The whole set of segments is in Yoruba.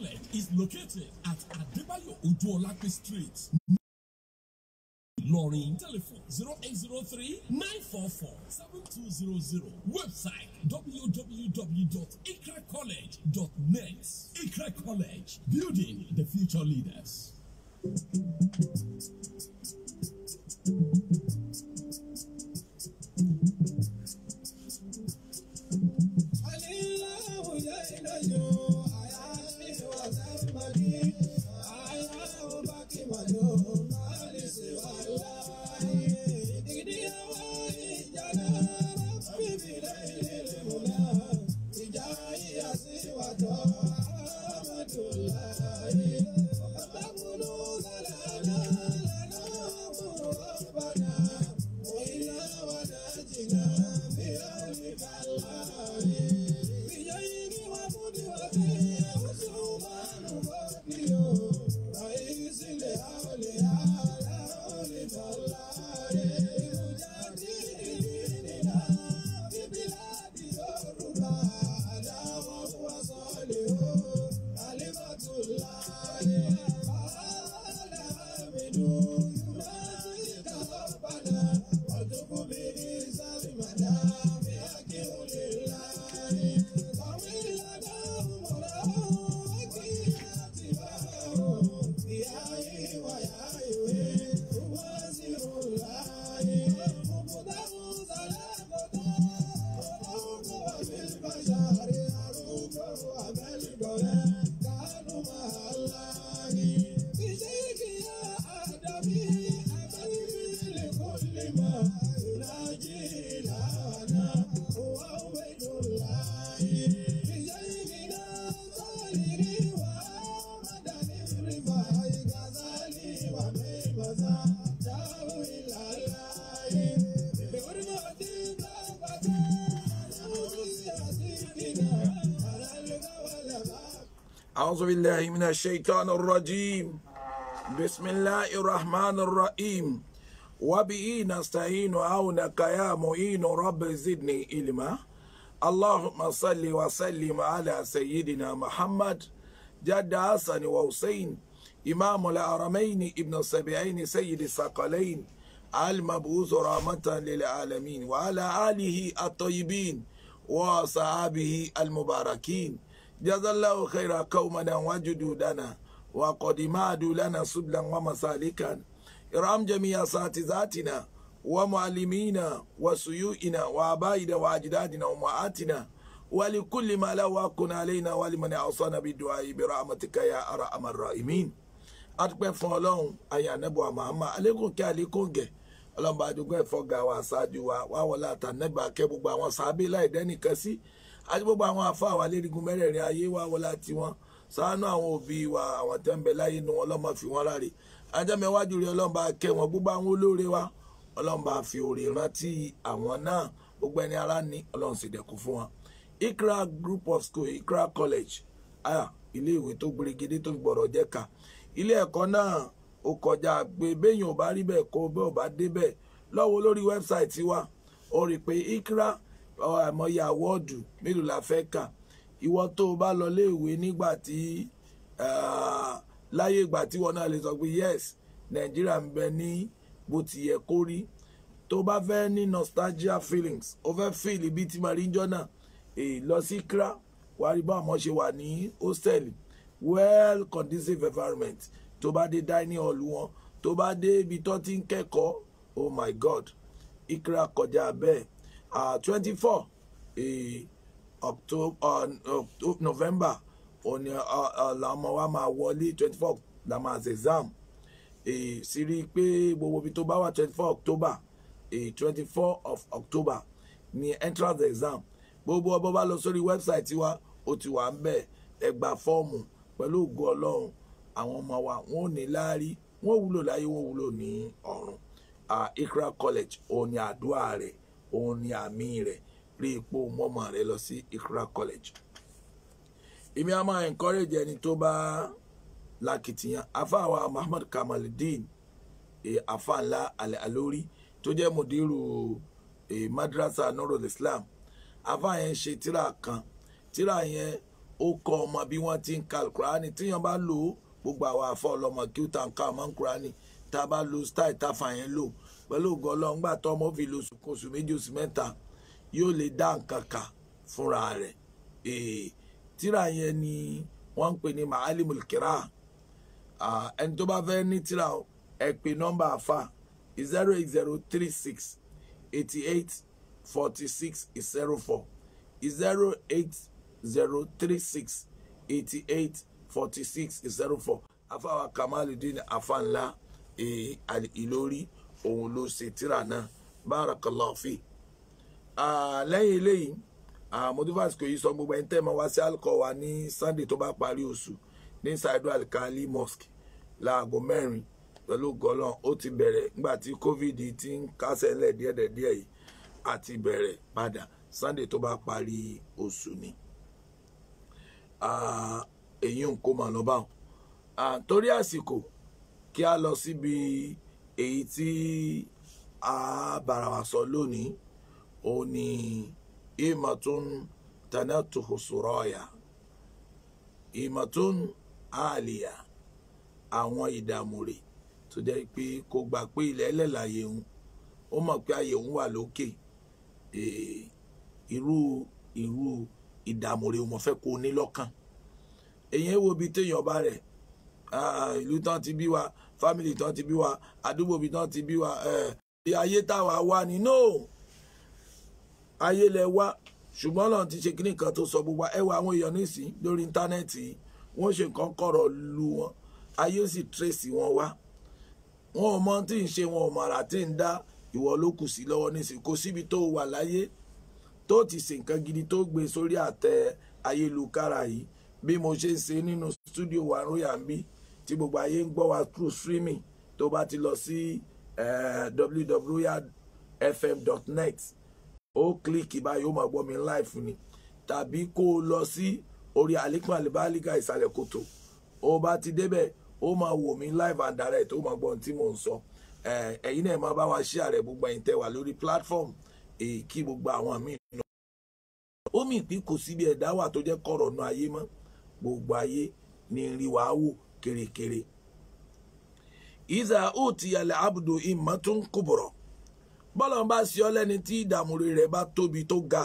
College is located at Adebayo Ojuolape Street. Lorraine, Telephone 0803 944 7200. Website www.ikracollege.net. Ikra College, building the future leaders. أعوذ بالله من الشيطان الرجيم بسم الله الرحمن الرحيم وبه نستعين عونك يا معين رب زدني علما اللهم صل وسلم على سيدنا محمد جد حسن وحسين إمام الحرمين ابن السبعين سيد الثقلين المبعوث رحمة للعالمين وعلى آله الطيبين وصحابه المباركين jazallahu khaira qaumana wajudu dana wa qad madu lana sublan wa masalikan iram jami'a satizatina wa muallimina wa suyu'ina wa abaida wa ajdadina wa mu'atina ولكل ما له حق علينا ولمن أوصانا بالدعاء برحمتك يا أرحم الراحمين adúpẹ́ fún ọlọ́run aya nẹ́bù àmàmà alẹ́kùn kí alẹ́kùn gẹ̀ ọlọ́run bá dúpẹ́ fọ́gà wa ṣáájú wa wáwọlá àtànẹ́gbà kẹ́ gbogbo àwọn sábẹ́ láì dẹ́nìkan sí. Si àti gbogbo àwọn àfáà wa lérigun mẹ́rẹ̀ẹ̀rin ayé wa wọlá tiwọn ṣàánú àwọn òbí wa àwọn tẹ́ ń bẹ láyé nu wọn ọlọ́mọ fi wọn ráre ajámẹ́wájú rẹ ọlọ́mọba kẹ́ wọn gbogbo àwọn olóore wa ọlọ́mọba fi òrè rántí àwọn náà gbogbo ẹni ara ní ọlọ́run sì dẹ̀kú fún wọn. Ikra group of school Ikra college aya ilé ìwé tó gbèrègede tó gbọ̀rọ̀ jẹ́ ká ilé ẹ̀kọ́ náà ó kọjá pé béèyàn ò bá rí bẹ́ẹ̀ kó bẹ́ẹ̀ ò bá dé bẹ́ẹ̀ lọ́wọ́ lórí wẹ́bsáìtì wa ó rí i pé Ikra àmọye àwọ́ọ̀dù mélòó la fẹ́ kà ìwọ tó o bá lọ léèwé nígbà tí láyé ìgbà tí wọn náà lè sọ pé yes nàìjíríà ń bẹ ní bó ti yẹ kó rí tó o bá fẹ́ ní nostalgia feelings o fẹ́ feel ibi tí marinjo náà èyí lọ sí kra wàá rí bá àmọ́ ṣe wà ní hostel well conducive environment tó bá dé dining hall wọn tó bá dé ibi tó ti ń kẹ́kọ̀ọ́ oh my god ikra kọjá bẹ́ẹ̀ 24 ah, four eh, ah, november òní ah, làwọn ọmọ wa máa wọlé twenty la máa ṣe exam eh, sì rí i pé gbogbo ibi tó bá wà twenty october 24 eh, of october ni entrance exam gbogbo ọbọ bá lọ sórí website wa ó ti wà ń bẹ ẹ gba fọ́ọ̀mù pẹ̀lú ògo ọlọ́run àwọn ọmọ wa wọn ò ní láárí wọn wúlò láyé wọn wúlò ní ọ̀run ikra college òní àdúrà rẹ̀ òun ni àmì rẹ̀ rí ipò mọ́mọ́ rẹ̀ lọ sí Ikra College èmi a máa encourage ẹni tó bá lakitiyan afáwa Muhammad Kamaluddin e, afáńlá alẹ́ alórí tó jẹ́ mòdìrú e, madrasa Nurul Islam afá yẹn ṣe tíra kan tíra yẹn ó kọ́ ọmọ bí wọ́n ti ń ka alukurani tíyan bá lò ó gbogbo àwọn àfọ ọlọmọ kí ó ta nǹkan àmọ́ alukurani tá a bá lo style táfà yẹn lò pẹ̀lú ògo Ọlọ́run gbà tó ọmọ fi lóṣù kan oṣù méjì oṣù mẹ́ta yóò lè dá nǹkan kà fúnra rẹ̀ tíra yẹn ni wọ́n ń pè ní Ma'alimul Qira ẹni tó bá fẹ́ ní tíra ẹ pè nọ́mbà àfà zero eight zero three six eighty eight forty six zero four zero eight zero three six eighty eight forty six zero four afa afáwa Kamaluddin afáńlá Ìlọrí. E, òun ló ṣe tíra náà barakallahu fi lẹ́yìn eléyìí modivas kò yí sọ gbogbo ẹni tẹ́ ma wá sí alcohol wa ní sunday tó bá parí oṣù ní saidu alikali mosque láago mẹ́rin pẹ̀lú gọlọ́n ó ti bẹ̀rẹ̀ nígbà tí covid ti ń kásẹ̀ ńlẹ̀ díẹ̀díẹ̀ yìí àti bẹ̀rẹ̀ padà sunday tó bá parí oṣù ni èyí ń kó mà lọ́bàá torí àsìkò kí a lọ síbi. Si èyí tí a bára wa sọ lónìí ó ní ìmọ̀tún tanatuhu suraya ìmọ̀tún àlìyà àwọn ìdààmú rẹ̀ tó jẹ́ pé kò gbà pé ilẹ̀ ẹlẹ́làyé òun ó mọ̀ pé ààyè òun wà lókè irú irú ìdààmú rẹ̀ òun fẹ́ kó ní lọ́kàn èyí wo ibi téèyàn bá rẹ̀ ìlú tán ti bí wa family tán ti bí wa àdúgbò bí tán ti bí wa ẹ ayé táwa wà ní no ayé lẹ wá ṣùgbọ́n lọ́n ti ṣe kíní kan tó sọ gbogbo ẹwà àwọn èèyàn nísìn lórí íńtánẹ́ẹ̀tì wọ́n ṣe nǹkan kọ̀rọ̀ lu wọn ayé ó sì tírèsì wọn wá wọn ò mọ tí ń ṣe wọn ò mọ àrà tí ń dá ìwọ ló kù sí lọ́wọ́ nísìn kò síbi tó wà láyé tó ti ṣe nǹkan gidi tó gbé sórí àtẹ ayélujára yìí bí mo ṣe ń ṣe nínú stúdíò wa róyà ń bí tí gbogbo ayé ń gbọ́ wa through streaming tó bá ti lọ sí eh, www.fm.net ó kílíkì báyìí ó máa gbọ́ mi live ni tàbí kó o lọ sí orí alikun alibalika ìsàlẹ̀ kòtò ó bá ti débẹ̀ ó máa wò mí live and direct ó máa gbọ́ ohun tí mò ń sọ eh, ẹ̀yin náà máa bá wa ṣí ààrẹ gbogbo ẹ̀yin tẹ́ wà lórí platform èyí kí gbogbo àwọn míì nù. ó mì pín kò síbi ẹ̀dá wà tó jẹ́ kọ̀rọ̀ nù ayé mọ́ gbogbo ayé ni rí wàá wò kèrèkèrè ìdá òtí yàlẹ̀ abudu ìmọ̀ tó ń kúbọ̀rọ̀ bọ́lọ̀ bá sí ọ lẹ́ni tí ìdààmú rẹ̀ bá tóbi tó ga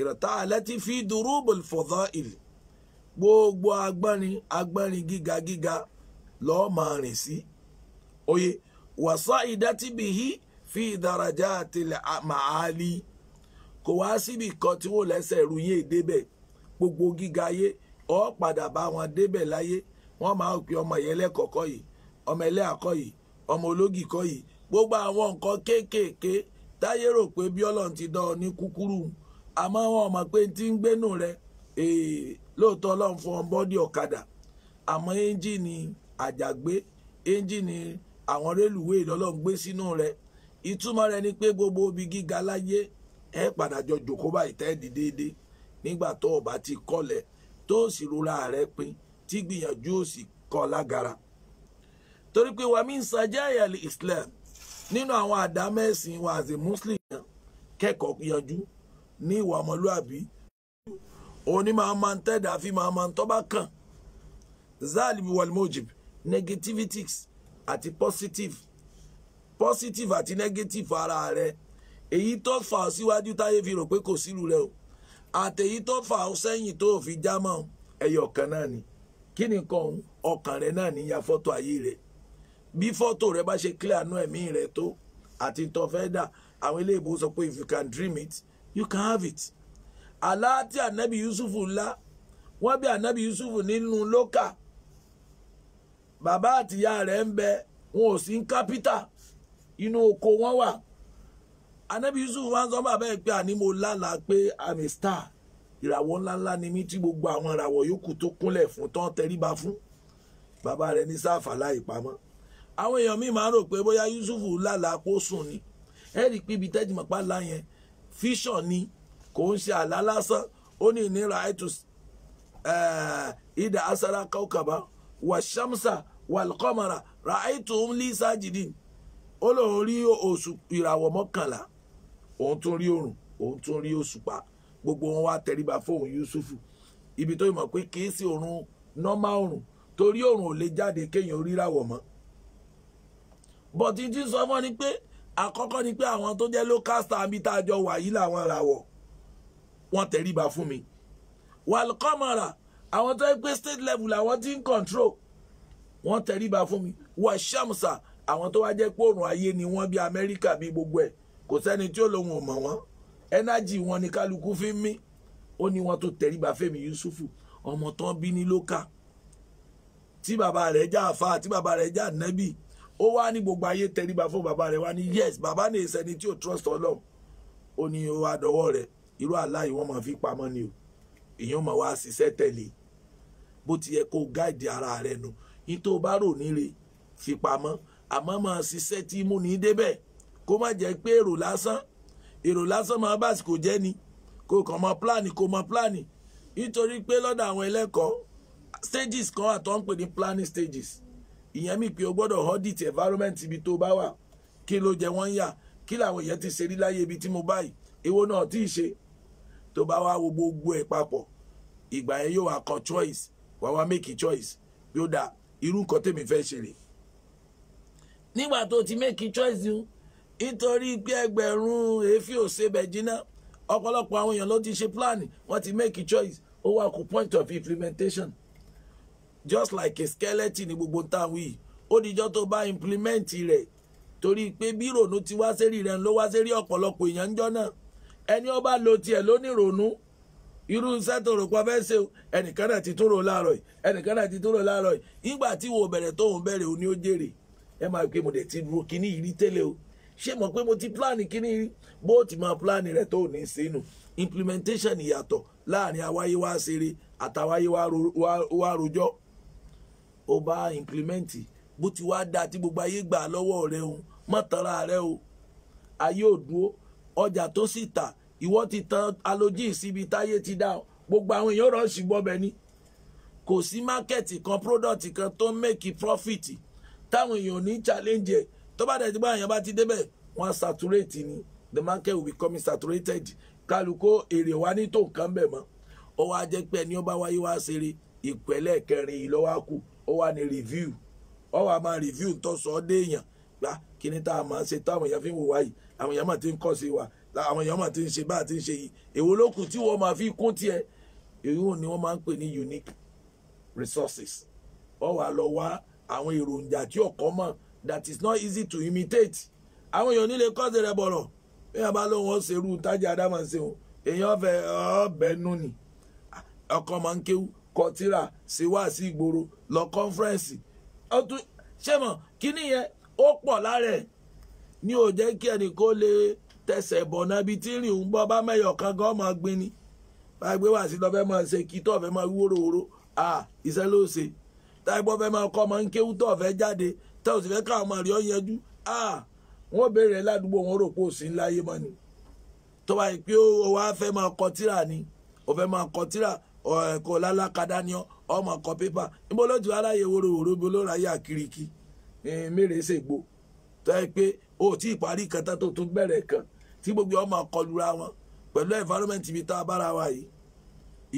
ìrọ̀tá àlẹ́tí fi dúró bòlì fọ̀dọ́ ìlú gbogbo agbọ́nrin agbọ́nrin gíga gíga lọ́ọ́ máa rìn sí oyè wàsá ìdátìbìhí fi ìdárajá àtìlẹ̀ màálí kò wá síbi kan tí wọ́n lẹ́sẹ̀ rú yín débẹ̀ gbogbo gíga ayé ọ̀ padà bá wọn débẹ̀ láyé wọ́n máa pe ọmọ ìyẹlẹ kọkọ yìí ọmọ àkọ yìí ọmọ ológì kọ́ yìí gbogbo àwọn nǹkan kéékèèké táyé rò pé bí ọlọ́run ti dán ọ ní kúkúrú àmọ́ àwọn ọmọ pé ti ń gbénú rẹ lóòótọ́ ọlọ́run fún ọ̀kadà àmọ́ àjàgbé àwọn rélùwéè rẹ ìtumọ̀ rẹ ni pé gbogbo obì gíga láyé ẹ padà jọ jòkó báyìí tẹ́ẹ̀dì tí gbìyànjú ò sì kọ́ lágara torí pé wàmí ń sajá ìyàlè Islam nínú àwọn àdámẹ́sìn wa àti Muslim yẹn kẹ́kọ̀ọ́ yanjú ní ìwà ọmọlúàbí òní máa ma ń tẹ́dà fi máa ma ń tọ́ba kàn zalibi walmojib negativities àti positive positive àti negative ara rẹ èyí tó fà á síwájú táyé fi rò pé kò sílùú rẹ o àtèyí tó fà á sẹ́yìn tó fi já mọ́ ẹ̀yọ̀ kan náà ni kí ni nǹkan ọkàn rẹ náà níyà fọ́tò ayé rẹ bí fọ́tò rẹ bá ṣe clear nú ẹ̀mí rẹ tó àti tó fẹ́ dà àwọn ilé sọ pé if you can dream it you can have it àlá tí ànábì Yusuf ńlá wọ́n bí ànábì Yusuf nínú lókà bàbá àtìyá rẹ̀ ń bẹ wọn ò sí ń kápítà inú oko wọn wà ànábì Yusuf wá sọ bàbá ẹ̀ pé àní mo lálàá pé i'm a star ìràwọ̀ ńláńlá ni mí tí gbogbo àwọn ìràwọ̀ yòókù tó kúnlẹ̀ fún tán tẹríba fún bàbá rẹ̀ ní sáfà láì pamọ́ àwọn èèyàn míì máa ń rò pé bóyá Yusufu lálàá kó sùn ni ẹ rí i pé fíṣàn ni kò ń ṣe àlá lásán ó ní ìnira ètò eh, ìdá asara kaukaba wà shamsa wà kọmara ra ètò ń lé sájìdì ó lóun rí oṣù ìràwọ̀ mọ́kànlá òun tún rí òrùn òun tún rí òṣùpá gbogbo wọn wá tẹríba fóun Yusufu ibi tó mọ̀ pé kì í sí òrùn nọ́mà òrùn torí òrùn ò lè jáde kéèyàn ríràwọ̀ mọ́ bọ̀tí tí sọ fún ni pé àkọ́kọ́ ni pé àwọn tó jẹ́ local star mi tá a jọ wà yìí làwọn ràwọ̀ wọ́n tẹríba fún mi wàlúkọ́mọ̀rà àwọn tó ń pé state level làwọn ti ń control wọ́n tẹríba fún mi wàṣàmùsà àwọn tó wá jẹ́ pé òrùn ayé ni wọ́n bí Amẹ́ríkà bí gbogbo ẹ̀ kò sẹ́ni tí ó lòun ò mọ̀ wọ́n ẹnájì wọn ni kálukú fi ń mí ó ní wọn tó tẹríba Fẹ́mi Yusufu ọmọ tán bí ní lóka tí bàbá rẹ̀ já àfa tí bàbá rẹ̀ já nẹ́bì ó wá ní gbogbo ayé tẹríba fún bàbá rẹ̀ wá ní yes bàbá ní ìsẹni tí ò trust Ọlọ́run ó ní ó wá dọ́wọ́ rẹ̀ irú aláì wọn máa fi pamọ́ ni o èèyàn máa wá ṣiṣẹ́ tẹ̀lé bó ti yẹ kó gáàdì ara rẹ̀ nù nítò bá rò níre fi pamọ́ àmọ́ máa ṣiṣẹ́ tí múni débẹ̀ kó má jẹ́ pé èrò lásán èrò lásán máa bá àsìkò jẹ́ ni kò kàn mọ pílánì kò mọ pílánì nítorí pé lọ́dọ̀ àwọn ẹlẹ́kọ̀ọ́ stages kan wà tó ń pè ní planning stages ìyẹn mi pé o gbọ́dọ̀ audit environment ibi tó bá wà kí ló jẹ wọ́n yà kí làwọn èèyàn ti ṣe rí láyé ibi tí mo báyìí èwo náà tí ì ṣe tó bá wá wo gbogbo ẹ̀ papọ̀ ìgbà yẹn yóò wá kan choice wá wá make choice yóò dà irú nǹkan tèmi fẹ́ ṣe rè nígbà tó ti make choice yìí nítorí pé ẹgbẹ̀rún èéfín òsèbẹ̀ jiná ọ̀pọ̀lọpọ̀ àwọn èèyàn ló ti ṣe plan wọ́n ti make choice ó wà kó point of implementation just like a skeleton ní gbogbo táwọn yìí ó dijọ́ tó bá implement rẹ̀ torí pé bí ìrònú ti wá sérí rẹ̀ ló wá sérí ọ̀pọ̀lọpọ̀ èèyàn ń jọ́ náà ẹni ó bá lo tiẹ̀ ló ní ìrònú irú iṣẹ́ tó rò pa fẹ́ ṣe ẹnìkan náà ti tún rò láàárọ̀ yìí ẹnìkan náà ti tún rò láàárọ̀ yìí nígbà tí wo bẹ̀rẹ̀ tóun bẹ̀rẹ̀ òní ó jèrè ẹ máa pé mo dẹ̀ ti ro kíní yìí rí tẹ́lẹ̀ o ṣé mọ̀ pé mo ti plan kíní rí bó ti máa plan rẹ tó ní sínú implementation ìyàtọ̀ láàrin àwáyé wá ṣeré àtàwáyé wá rojọ́ ó bá implement bó ti wá dáa tí gbogbo ayé gbà lọ́wọ́ rẹ o má tanra rẹ o ayé ò dúró ọjà tó sì tà ìwọ ti tan alojin síbi táyé ti dá gbogbo àwọn èèyàn rọ̀ sí gbọ́bẹ̀ ni kò sí mákẹ́ẹ̀tì kan pródọ̀tì kan tó ń mẹ́kì prọ́fìtì táwọn èèyàn ní challenge ẹ̀ tó bá dẹ̀ ti bá àyàn bá ti débẹ̀ wọ́n á saturate ni the market will become saturated kálukó èrè wa ní tó nǹkan bẹ̀ mọ́ ó wá jẹ́ pé ẹni ó bá wáyé wá ṣeré ìpẹ́lẹ̀ kẹrin yìí lọ́wọ́ kù ó wà ní review ó wà máa review tó sọ ọ́ déèyàn gbá kí ni tá a máa ṣe táwọn èèyàn fi ń wò wá yìí àwọn èèyàn máa ti ń kọ́ sí wa àwọn èèyàn máa ti ń ṣe bá a ti ń ṣe yìí èwo ló kù tí wọ́n máa fi kún tiẹ̀ èyí ni wọ́n máa ń pè ní unique resources ó wá lọ wá àwọn èròjà tí ọ̀kan mọ̀ that is not easy to imitate àwọn èèyàn nílé kọ́ọ̀sì rẹ̀ bọ̀rọ̀ bí wọ́n bá lóun ó ṣerú tájà adámọ̀ ṣe o èèyàn ọ̀fẹ́ ọ̀bẹ nù ni ọkọ̀ máa ń kéwú kọtíra ṣe wá sí ìgboro lọ kọ́nfẹ́rẹ́nsì ọtún ṣé mọ̀ kí nìyẹn ó pọ̀ lára ẹ̀ ní ò kí ẹnì kó lè tẹsẹ̀ bọ̀ nábi tí rìn ń bọ́ bá mẹ́yọ̀ kan gan máa gbin ni wá sí máa ṣe kí máa à iṣẹ́ tá ò sì fẹ́ káwọn máa rí ọ yanjú wọ́n béèrè ládùúgbò wọn rò pé ò sí láyé mọ́ ni tó bá yìí pé ó wá fẹ́ máa kọ tíra ni ó fẹ́ máa kọ tíra ẹ̀kọ́ lálákadá ni ọ máa kọ pépà níbo ló ti wá láyé wóró wóró bí olóra yà kiriki mèrè ṣègbò tó yẹ pé ó tí ì parí kan tó tún bẹ̀rẹ̀ kan tí gbogbo ọmọ kọlura wọn pẹ̀lú environment ibi tá a bára wa yìí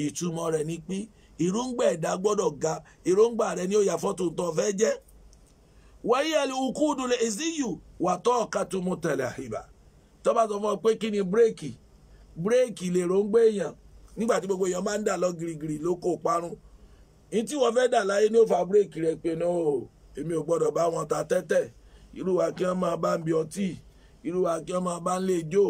ìtumọ̀ rẹ̀ ni pé èròǹgbà ẹ̀dá gbọ́dọ̀ ga èròǹgbà rẹ̀ ni ó yà fọ́tò tó fẹ́ jẹ́ wáyé alùkúdù lè ìsíyù wà tọ́ ọ̀ka tó mú tẹ̀lé àhìbá tó bá pé kí ni bírèkì bírèkì lè ròǹgbé èèyàn nígbà tí gbogbo èèyàn máa ń dà lọ girigiri ló kó parun ní tí wọ́n fẹ́ dà láyé ní ó fa bírèkì rẹ pé náà èmi ò gbọ́dọ̀ bá wọn ta tẹ́tẹ́ irú wa kí wọ́n máa bá ń bi ọtí irú wa kí wọ́n máa bá ń lè jó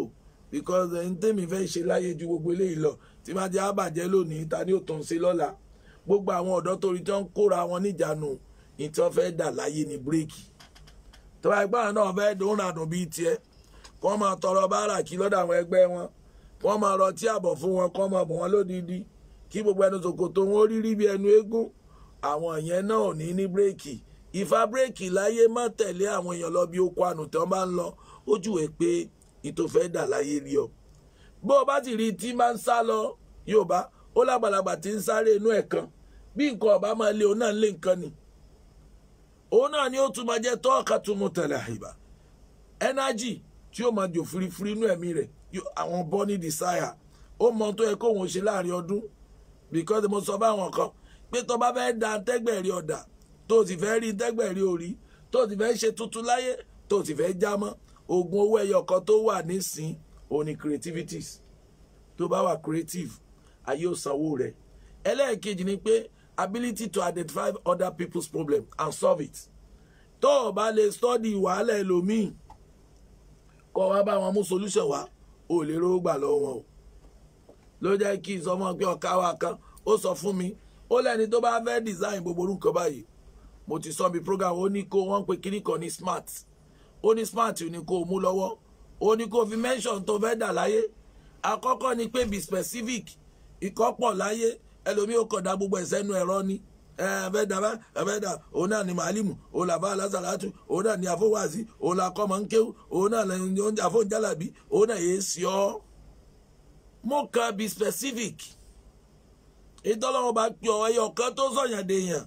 because ẹni tẹ́mi fẹ́ ṣe láyé ju gbogbo eléyìí lọ tí má jẹ́ àbàjẹ́ lónìí ta ni ó tún ṣe lọ́la gbogbo àwọn ọ̀dọ́ torí tí wọ́n kóra wọn níjànú ní tí wọ́n fẹ́ dà láyé ní bíréèkì tó bá gbà náà fẹ́ dùn ràdùn bíi tiẹ̀ kó máa tọrọ báárà kí lọ́dọ̀ àwọn ẹgbẹ́ wọn kó máa rọtí àbọ̀ fún wọn kó máa bọ̀ wọn lódìdí kí gbogbo ẹnu ṣòkòtò wọn ó rí rí bí ẹnu eégún àwọn yẹn náà ò ní ní bíréèkì ìfà bíréèkì láyé má tẹ̀lé àwọn èèyàn lọ bí oko ànù tí wọ́n bá ń lọ ó júwèé pé ìtòfẹ́ dà láyé rí ọ bó o bá ti rí tí máa ń sá lọ yóò bá ó lágbàlagbà tí ń sáré inú ẹ̀ kan bí nǹkan ọ̀bá máa lé òun náà lé nǹkan nìí òun náà ni ó tún máa jẹ́ tọ́ọ̀ka tó mú tẹ̀lé àìbá ẹnájì tí ó máa jò firifiri inú ẹ̀mí rẹ̀ àwọn bọ́ní desire ó mọ tó yẹ kóhun ṣe láàrin ọdún because mo sọ báwọn kan pé tó bá fẹ́ da tẹ́gbẹ̀rí ọ̀dà tó sì fẹ́ rí tẹ́gbẹ̀rí orí tó sì fẹ́ ṣe tuntun láyé tó sì fẹ́ já mọ́ oògùn owó ẹyọ kan tó wà nísìn òun ni creativities tó bá wà creative ayé ò sanwó rẹ̀ ẹlẹ́ẹ̀kejì ni pé ability to identify other people's problem and solve it tó o bá lè study wàhálà ẹlòmíì kọ́ wá bá wọn mú solution wá o lè rówó gbà lọ́wọ́ wọn o ló jẹ́ kí ìsọmọ pé ọ̀ka wa kan ó sọ fún mi ó lẹ́ni tó bá fẹ́ design gbogbo orúkọ báyìí mo ti sọ bí program ó ní kó wọ́n pe kíní kan ní smart ó ní smart ní kó o mú lọ́wọ́ ó ní kó o fi mention tó fẹ́ dà láyé àkọ́kọ́ ni pé be specific ìkọ́pọ̀ láyé ẹlòmíì ó kọ̀dá gbogbo ẹ̀ sẹ́nu ẹ̀rọ ni ẹ̀fẹ́ dàbá ẹ̀fẹ́ dà òun náà ni màálìmù òun làbá alásàlátù òun náà ni àfọwàsí òun làkọ́ máa ń kéwù òun náà ni oúnjẹ àfọ̀njálàbí òun náà yéé sí ọ́ mo kàn bí specific ìtọ́lọ́wọ́ bá pè ọ́ ẹyọ kan tó sọ̀yàn dèèyàn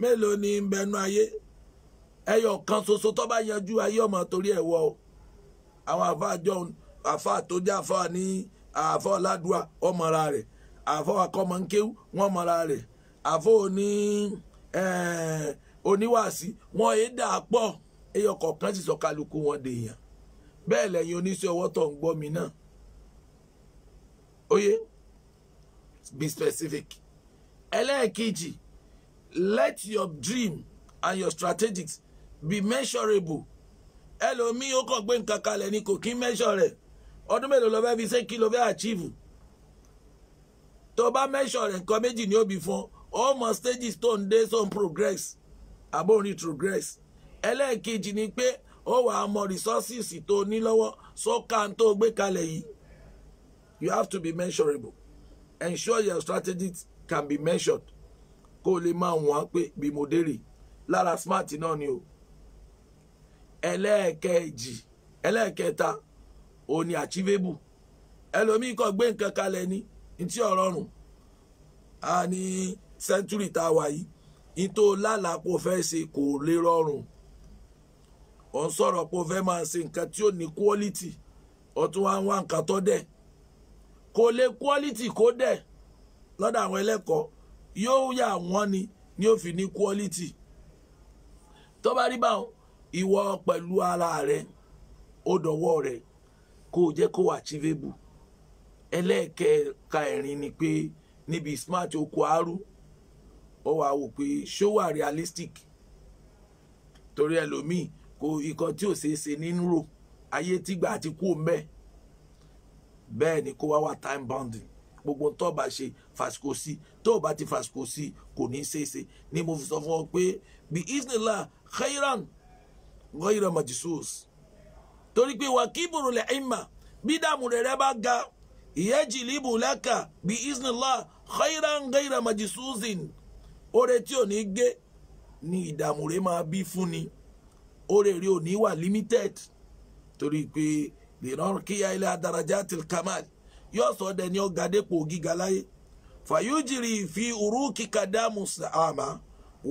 mélòó ni ń bẹnu ayé ẹyọ kan ṣoṣo tó bá yanjú ayé ọmọ torí ẹ̀ wọ àwọn àfa àjọ àfa tó àfa ní àfa ọ̀làdùà ọmọ ara rẹ̀ àfọ akọmọkéw wọn mọra rẹ̀ àfọ oní oníwàásí wọn èdè àpọ̀ ẹyọ kọ̀ọ̀kan sì sọ kálukú wọn dèèyàn bẹ́ẹ̀ lẹ́yìn oníṣẹ́ ọwọ́ tó ń gbọ́ mi náà oye be specific ẹlẹ́ẹ̀kejì let your dream and your strategies be measurable ẹlòmíín ó kàn gbé nǹkan kalẹ̀ ni kò kí measure rẹ̀ ọdún mélòó lọ fẹ́ fi ṣé kí ló fẹ́ achieve tó bá mẹ́sọ̀ rẹ̀ nǹkan méjì ni ó bí fún ọ mọ stages tó ń dé so ń progress àbó ń retrogress ẹlẹ́ẹ̀kejì ni pé ó wà á mọ resources tó ní lọ́wọ́ so ká n tó gbé kalẹ̀ yìí you have to be measurable ensure your strategies can be measured kó o lè máa wọ́n pé bí mo dérè lára smart náà ni o ẹlẹ́ẹ̀kejì ẹlẹ́ẹ̀kẹta òní achievable ẹlòmíì gbé nǹkan kalẹ̀ ni ntí ọ̀rọ̀ rùn a ní sẹ́ńtúrì tá a wà yìí ìtò lálàá kò fẹ́ ṣe kò lè rọrùn ọ̀ ń sọ̀rọ̀ pé fẹ́ máa ṣe nǹkan tí ó ní quality ọ̀tún wá ń wá nǹkan tó dẹ̀ kò lè quality kó dẹ̀ lọ́dọ̀ àwọn ẹlẹ́kọ̀ọ́ yóò yà wọ́n ni ni ó fi ní quality tó bá rí báwọn ìwọ pẹ̀lú ara rẹ ó dọ̀wọ́ rẹ kó o jẹ́ kó wà achievable ẹlẹ́ẹ̀kẹ́ka ẹ̀rin ni pé níbi smart oko aru ó wàá wò pé ṣó wà realistic torí ẹlòmíì kò ikọ̀ tí ò ṣeé ṣe nínú rò ayé tígbà ti kú mbẹ bẹ́ẹ̀ ni kó wá wà time bounding gbogbo tó bá ṣe fàṣikò sí tó bá ti fàṣikò sí kò ní ṣeé ṣe ni mo fi sọ fún ọ pé bí isnila khairan ghayra majisus torí pé wàkíbùrù lẹ́yìn mà bí dààmú rẹ̀ rẹ̀ bá ga yajlibu laka bí iznillah khairan ghaira majisuzin oore tí ò ní gé ni ìdààmú rẹ máa bí fún ni oore rẹ ò ní wà limited torí pé lirarkiya ila darajatil kamal yóò sọ ọdẹ ní ọgá dépò gíga láyé fàyújìrì fi uruki kadamu sàmà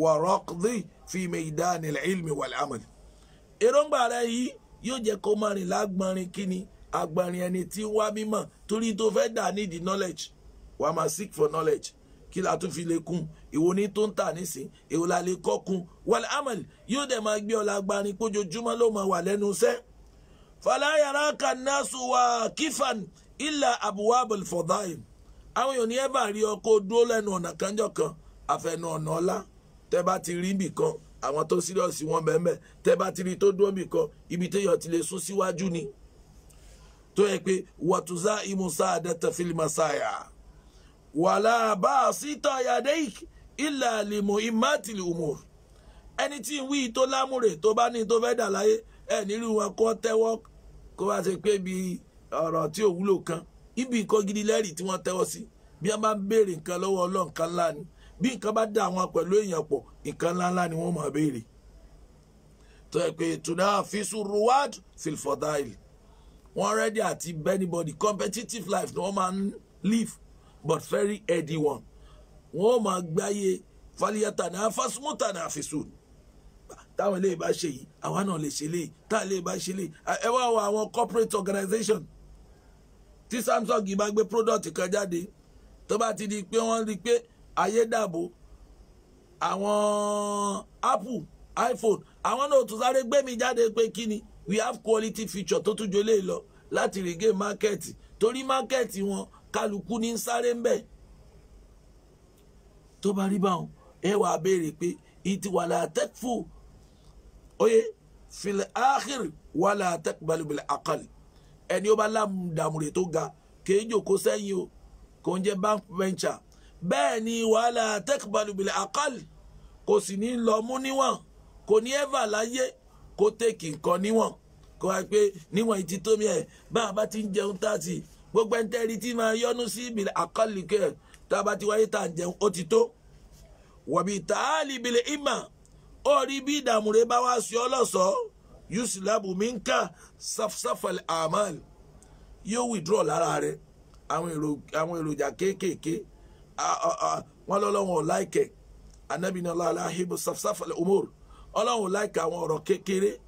wà rọkdì fi meydanil ilmi wal amal èròǹgbà rẹ yìí yóò jẹ kó máa rìn lágbọnrin agbárin ẹni tí wá mímọ̀ torí tó fẹ́ dà need knowledge wàá máa seek for knowledge kí la tún fi lè kún ìwo ní tó ń tà nísìn èwo la lè kọ́ kún wal amal yóò dẹ̀ máa gbé ọ̀la agbárin pójoojúmọ́ ló máa wà lẹ́nu iṣẹ́ fàlàyàrá kanasu wa kifan ilà abuwabul fọdáìm àwọn èèyàn ní ẹ bá rí ọkọ dúró lẹ́nu ọ̀nà kanjọ kan àfẹnu ọ̀nà ọ̀la tẹ́ bá ti rí bìkan àwọn tó sírọ̀sì wọn bẹ́ẹ̀ bẹ́ẹ̀ tẹ́ bá ti rí tó dúró bìkan ibi téèyàn ti lè sún síwájú ni tó yẹ pé wàtúzá ìmùsá àdẹ́tẹ̀ fílímàsáyà wàlá bá a síta yàdẹ́yì ilà lèmọ̀ ìmátìlì òmùr ẹni tí ń wí tó lámúre tó bá ní tó fẹ́ dà láyé ẹ̀ nírú wọn kọ́ tẹ́wọ́ kó bá ṣe pé bí ọ̀rọ̀ tí ò wúlò kan ibi ìkọ́ gidi lẹ́rìí tí wọ́n tẹ́wọ́ sí bí wọ́n bá ń béèrè nǹkan lọ́wọ́ ọlọ́nkan ńlá ni bí nǹkan bá dà wọn pẹ̀lú èèyàn pọ̀ nǹkan ńláńlá ni wọ́n máa béèrè tó yẹ pé tùdá fi sùn ruwad fìlfọ̀dáìlì wọ́n ready àti anybody competitive life ni wọ́n máa ń live but very heady one wọ́n máa gbáyé faliyata ní afásúmọ́ta ní àfisùn táwọn eléyìí bá ṣe yìí àwa náà lè ṣe léyìí táwọn eléyìí bá ṣe léyìí ẹ wá wọ àwọn corporate organization tí Samsung yìí bá gbé product kan jáde tó bá ti di pé wọ́n rí i pé ayédàbò àwọn Apple iPhone àwọn náà tún sáré gbé mi jáde pé kí ni we have quality future tó tún jọlé lọ láti regain market torí market wọn kálukú ní sáré ń bẹ tó bá rí báwọn ẹ wàá béèrè pé ìtì wàlà àtẹkfù oyè fìlẹ áàkìrì wàlà àtẹkùbalùbìlẹ àkàlì ẹni ó bá lámùdàmùrè tó ga kèé jòkó sẹ́yìn o kò ń jẹ́ bank venture bẹ́ẹ̀ ni wàhálà àtẹkùbalùbìlẹ àkàlì kò sì ní lọ mú níwọ̀n kò ní ẹ́fà láyé kó tèkì nǹkan níwọ̀n kó wá pé níwọ̀n ìtì gbogbo tí yọnu sí ibi a bá ti wáyé tá jẹun ó ti tó wọ̀bí tààlì ìmà ó rí bí ìdààmú rẹ bá wá sí ọ lọ́sọ̀ọ́ yusilabu minka safsafal amal yóò withdraw lára rẹ àwọn èròjà kéékèèké wọn lọ́lọ́wọ́n ò anabi ahibu safsafal ọlọ́wọ́n ò àwọn ọ̀rọ̀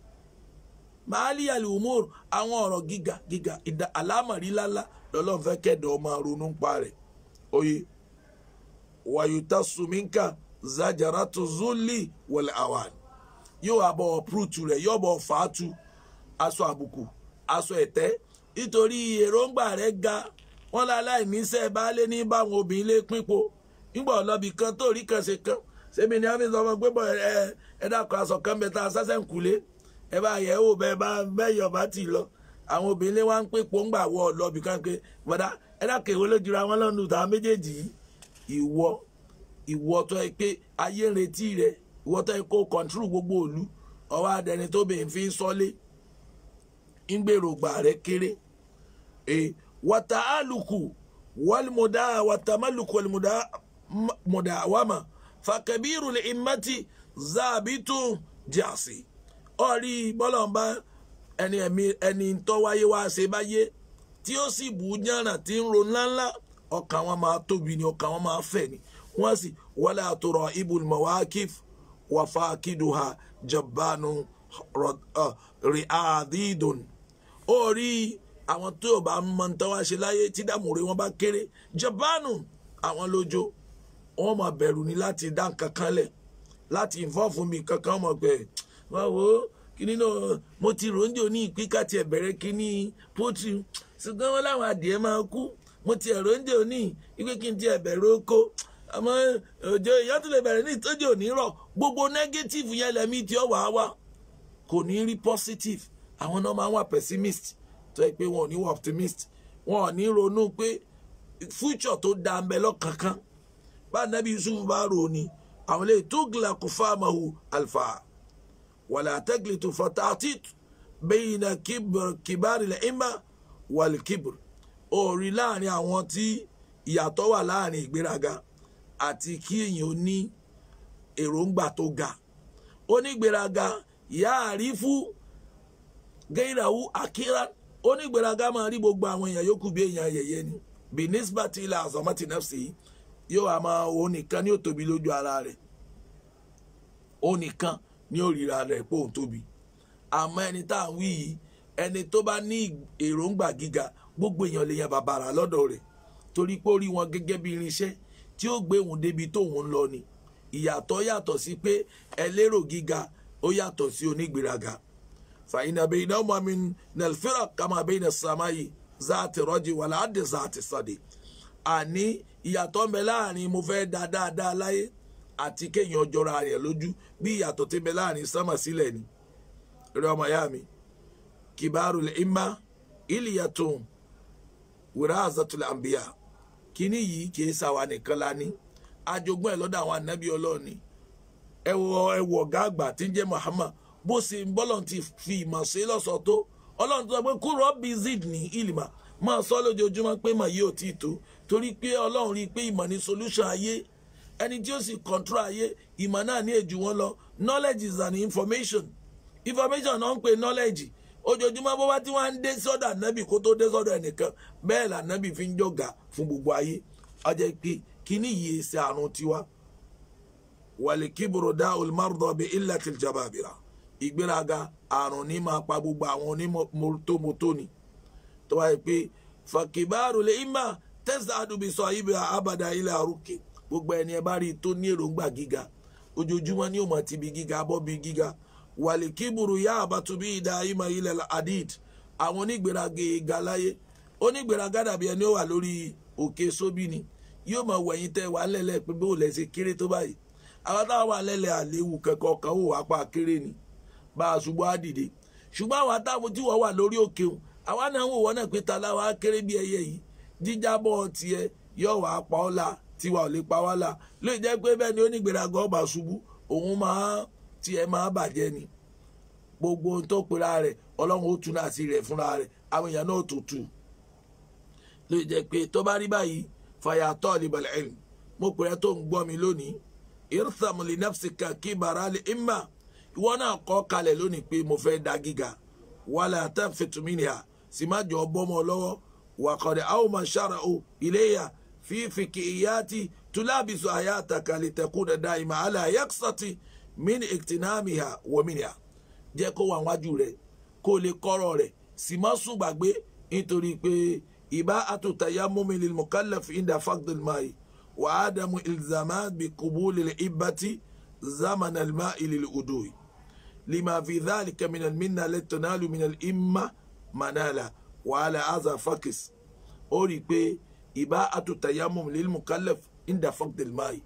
máàlì umur àwọn ọrọ giga giga ìdá àlámọ̀rí lálá lọ́lọ́run fẹ́ kẹ́dọ̀ ọmọ ronú pa rẹ̀ oyè wàyùtà sùmínkà zajaratu zulli wọlé àwọn yóò abọ̀ púrùtù rẹ̀ yóò asọ fàátù aṣọ àbùkù aṣọ nítorí èròǹgbà ga wọ́n láláìníṣẹ́ baálé ní báwọn obìnrin pínpo nígbà kan tó rí kan kan ṣébi ni fi sọ fún ẹ yi yẹ wò bẹ́ẹ̀ bá mẹ́yọ̀ bá ti lọ àwọn obìnrin wa ń pè pọ́ngbà wọ ọ̀lọ́ bìkan pé bọ́dá ẹ dákẹ́ ìwé lójú wọn lọ́nu tàwọn méjèèjì ìwọ ìwọ tó ẹ pé ayé ń retí rẹ ìwọ tó ẹ kó kọ̀ǹtúrù gbogbo òlu ọwọ́ adẹni tó bẹ̀ ń fi sọ́lé ń rẹ kéré ọ̀rí bọ́lọ̀mbá ẹni ẹni tó wáyé wá ṣe báyé tí ó sì bù ú yànnà tí ń ro ńláńlá wọn máa tóbi ni ọkàn wọn máa fẹ̀ ni wọ́n sì wala tura ibul mawakif wàfà kíduha jabbanu riadidun ó rí àwọn tó bá ń mọ ṣe láyé tí wọn wá wo kíní náà mo ti ròǹjò ní ìpínká tiẹ̀ bẹ̀rẹ̀ kíní pọ́tù ṣùgbọ́n wọn láwọn adìẹ máa kú mo ti ròǹjò ní ìpín kí n tiẹ̀ bẹ̀rẹ̀ oko àmọ́ òjò ìyá bẹ̀rẹ̀ ní ìtọ́jú òní gbogbo nẹ́gẹ́tìfù yẹn lẹ́mí tí ó wà á wá kò ní rí positive àwọn náà máa ń wà pessimist tó yẹ pé wọn ò ní wà optimist wọn ò ní ronú pé future tó da ń bẹ lọ́kànkan bá nàbí Yusuf bá rò ní àwọn lè tó gíláàkù fáàmù àlùfáà wàlà àtẹ́gìlìtù fọ́tàtìtù bẹ́yìn kìbárì lẹ́yìnbá wàlì kìbùrù òòrì láàrin àwọn tí ìyàtọ̀ wà láàrin ìgbéraga àti kí èèyàn ó ní èròǹgbà tó ga onígbéraga yáàrífù gẹ́ìràwù akíra onígbéraga máa rí gbogbo àwọn èèyàn yòókù bí èèyàn ayẹyẹ ni binisbati ilà azamati nafsi yóò àmọ́ òun nìkan ní ó tóbi ara rẹ̀ òun ní òrìra rẹ̀ pé òun tóbi àmọ́ ẹni tá à ń wí yìí ẹni tó bá ní èròǹgbà gíga gbogbo èèyàn lè yan bàbàrà lọ́dọ̀ rẹ̀ torí pé ó rí wọn gẹ́gẹ́ bí irinṣẹ́ tí ó gbé òun débi tóun ń lọ ni ìyàtọ̀ yàtọ̀ sí pé ẹlérò gíga ó yàtọ̀ sí onígbéraga fàyínà bẹ́ẹ̀ iná ọmọ mi nàìfẹ́rà kàmá bẹ́ẹ̀ iná sàmáyé zaati rọ́jì wàlá àdè zaati sàdé àní ìyàtọ̀ ń láàrin mo fẹ́ dáadáa láyé àti kéèyàn jọra rẹ̀ lójú bí ìyàtọ̀ ti bẹ láàrin sánmà sílẹ̀ ni rẹ ọmọ ìyá mi kibarul imma kíní yìí nìkan lọ́dọ̀ àwọn ni ẹ wò àgbà tí ń Muhammad bó ṣe ń ti fi ìmọ̀ ṣe lọ́sọ̀ tó Ọlọ́run tó sọ pé kúrò zid ní sọ lójoojúmọ́ pé ti torí pé Ọlọ́run rí i pé ìmọ̀ ẹni tí ó sì control ayé ìmọ̀ náà ní èjù wọn lọ knowledge is an information information náà ń pè knowledge ojoojúmọ́ bó bá tí wọ́n á ń dé sọ́dọ̀ ànábì kó tó dé sọ́dọ̀ ẹnìkan bẹ́ẹ̀ lànábì fi ń jọ̀gà fún gbogbo ayé ọjọ́ pé kíní yìí ṣe àrùn tiwa wàlíkíbùrù dá olùmọ́rùdọ́ bí ilẹ̀ tìjọba àbírà ìgbéraga àrùn ní máa pa gbogbo àwọn onímọ̀tòmọ̀tò ni tó wáyé pé fàkìbárù lè má tẹ̀sán àdùbí sọ ibi àbàdà ilẹ̀ àrùkè gbogbo ẹni ẹ bá rí i tó ní èròǹgbà gíga ojoojúmọ́ ní òmò àti ibi gíga abọ́ bíi gíga wàlẹ̀ kíburú yá àbátúbí ìdá ìmọ̀ ilẹ̀ adid àwọn onígbèraga ga láyé onígbèraga dàbí ẹni ó wà lórí òkè sóbì ni yóò mọ̀ wẹ̀yìn tẹ́ wà lẹ́lẹ̀ pé bó lẹ́ ṣe kéré tó báyìí àwọn táwọn wà lẹ́lẹ̀ àléwu pa kéré ni bá a á dìde ṣùgbọ́n àwọn táwọn tí wọ́n wà lórí òkè o àwa náà wò wọ́n náà pé ta kéré bí ẹyẹ yìí jíjábọ̀ pa ọ́ tiwa ò lè pa wá là lè jẹ́ pé bẹ́ẹ̀ ni onígbèraga ọba ṣubú òun máa tiẹ̀ máa bàjẹ́ ni gbogbo ohun tó pera rẹ̀ ọlọ́run ó tún náà rẹ̀ fúnra rẹ̀ àwọn èèyàn náà tó tù lè jẹ́ pé tó bá rí báyìí fàyà tọ́ ní balẹ̀ ẹ̀rìn mo pè é tó ń gbọ́ mi lónìí irthamuli nafsika kibara li imma ìwọ náà kọ́ kalẹ̀ lónìí pé mo fẹ́ da gíga wàlẹ̀ àtẹ̀fẹ̀tùmínìà sì má jọ bọ́mọ lọ́wọ́ wàkọ̀dẹ̀ àwọn ọmọ ṣàrà o ìléyà في fikiyati tulabisu حياتك لتكون دائما على yaksati من iktinamiha ومنها minha jẹ́ kó wà wájú rẹ̀ kó lè kọ́rọ̀ rẹ̀ sì má sùn gbàgbé nítorí pé ìbá àtúntàyà mumi lil mukallaf inda faqdil ma'i wa adamu ilzama bi qubuli lil ibati zaman al ma'i lil lima fi dhalika min al minna imma manala wa ala ó rí i pé ìbá àtúntàyàmọ̀ lílmù kálẹ̀f ìndà fọ́kìtìlmáì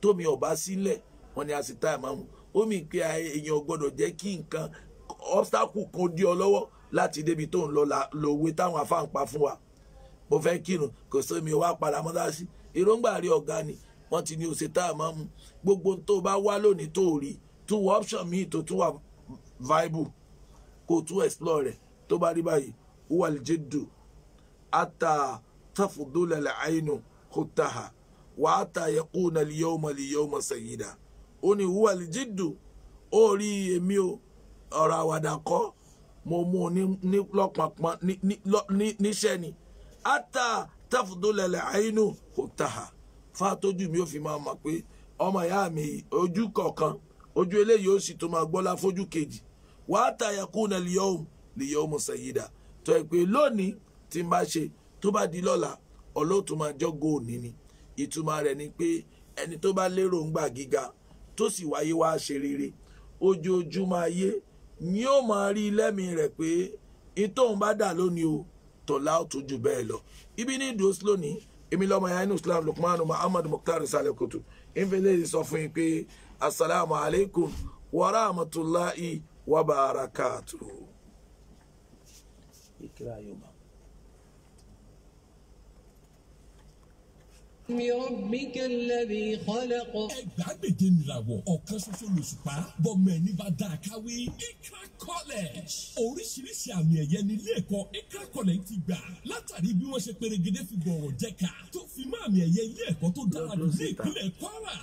tómi ọ̀bá sílẹ̀ wọn ni a sì tá àmàmù omi pé èèyàn gbọ́dọ̀ jẹ́ kí nǹkan obstacle kan dí ọ lọ́wọ́ láti débi tó ń lọ lòwe táwọn afáàn pa fún wa mo fẹ́ kírun kò sómi wá padà mọ́tàsí èròǹgbà rí ọ̀gá ni wọ́n ti ní o ṣe tá àmàmù gbogbo tó bá wá lónìí tó rí tún option míì tó tún wà viable kó tún explore rẹ̀ tó bá rí báyìí wọ́n lè jẹ́ dùn ata tafudula la'ainu khutaha wa ta yakuna liyawma liyawma sayida ó ní huwa aljiddu ó rí èmi o ọ̀rọ̀ àwàdà kọ́ mo mú un ní lọ́pọ̀pọ̀ níṣẹ́ ni ata tafudula la'ainu khutaha fàtójú mi ò fi máa mọ̀ pé ọmọ ìyá mi ojú kọ̀ọ̀kan ojú eléyìí ó sì tún máa gbọ́lá fojú kejì wàá ta yakuna liyawma liyawma sayida tó ẹ pé lónìí tí n bá ṣe tó bá di lọ́la ọlọ́tún máa jọ́gọ́ òní ni ìtumọ̀ rẹ̀ ni pé ẹni tó bá lérò ń gbà gíga tó sì wáyé wá ṣe rere ojoojúmọ́ ayé ni ó máa rí lẹ́mìí rẹ̀ pé ìtòun bá dà lónìí o tọ̀lá ó tún jù bẹ́ẹ̀ lọ ibi ní ìdúró sí lónìí èmi lọ́mọ ya islam lukman muhammad mukhtar saleh kutu ìfẹ́lẹ́ yìí sọ fún yín pé asalaamu alaykum wa rahmatulahi wa barakatuhu. ikra yoma. ẹgbàgbèje nìràwọ̀ ọ̀kan ṣoṣo lòṣùpá bọ́mọ ẹni bá dáa káwé Ikra College oríṣiríṣi àmì ẹ̀yẹ ní ilé ẹ̀kọ́ Ikra College ti gbà látàrí bí wọ́n ṣe perégedé fi gbọ̀ọ̀rọ̀ jẹ́ka tó fi mọ́ àmì ẹ̀yẹ ilé ẹ̀kọ́ tó dára jù ìpínlẹ̀ Kwara